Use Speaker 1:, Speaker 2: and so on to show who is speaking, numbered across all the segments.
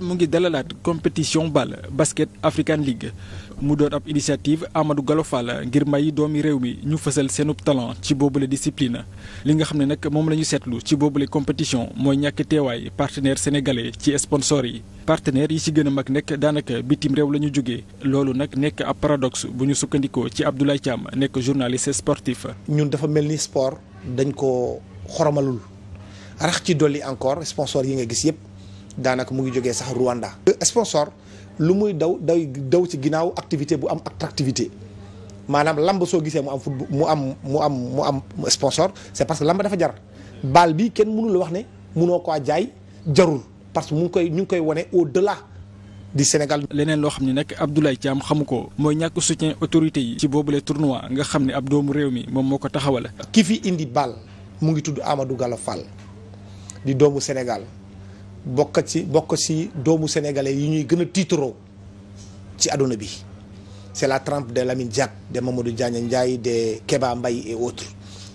Speaker 1: mu ngi dalalaat compétition bal basket African League mu doon ab initiative Amadou Gallo Fall ngir may doomi réew mi ñu fësal seenub talent ci boobu boobule discipline li nga xam ne nag moom la ñu seetlu ci boobu boobule compétition mooy ñàkk teewaay partenaire sénégalais ci sponsor yi partenaires yi ci gën a mag nekk daanaka bitim réew la ñu jógee loolu nag nekk ab paradoxe bu ñu sukkandikoo ci Abdoulaye Thiam nekk journaliste sportif
Speaker 2: ñun dafa mel ni sport dañ ko xoromalul rax ci dolli encore sponsor yi nga gis yëpp daanaka mu ngi jógee sax Rwanda. sponsor lu muy daw day daw ci ginnaaw activité bu am attractivité maanaam lamb soo gisee mu am football mu am mu am mu am sponsor c'est parce que lamb dafa jar baal bi kenn mënula wax ne mënoo koo jaay jarul parce que mu ngi koy ñu ngi koy wane
Speaker 1: au-delà. di Sénégal. leneen loo xam ne nag ci am xamu ko mooy ñàkk soutien autorité yi. ci boobule tournoi nga xam ne ab doomu réew mi moom moo ko taxawal. ki fi indi bal mu ngi tudd Amadou Gallo Fall di doomu Sénégal. bokk si bokk si
Speaker 2: doomu sénégalais yi ñuy gën a tiitaroo ci àdduna bi c'est la trempe de Lamine Diack de du Diagne Ndiaye de kebaa mbay et autres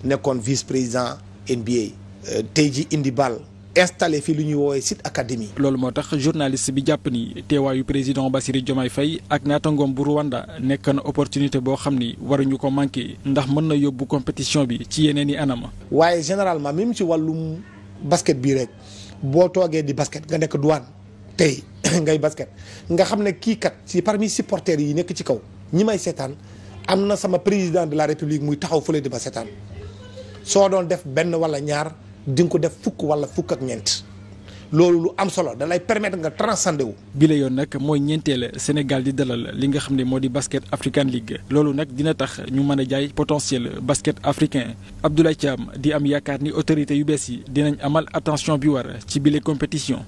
Speaker 2: nekkoon vice-président
Speaker 1: NBA euh, tey ji indi bal installé fii lu ñuy woowee site académie. loolu moo tax journaliste bi jàpp ni teewaayu président Bassirou Diomaye Faye ak naatangoom bu Rwanda nekk na opportunité boo xam ni waruñu ko manqué ndax mën na yóbbu compétition bi ci yeneen i anam. waaye généralement même ci wàllum basket bi rek. boo toogee di basket nga nekk duwaan
Speaker 2: tey ngay basket nga xam ne kii kat ci parmi supporters yi nekk ci kaw ñi may seetaan am na sama président de la république muy taxaw fule di ma seetaan soo doon def benn wala ñaar di nga ko def fukk wala fukk ak ñeent.
Speaker 1: loolu lu am solo dalay lay permettre nga transcender wu. bi yoon nag mooy ñeenteel Sénégal di dalal li nga xam ne moo di basket African League loolu nag dina tax ñu mën a jaay potentiel basket africain Abdoulaye Thiam di am yaakaar ni autorité yu bees yi dinañ amal attention bi war ci bile compétition.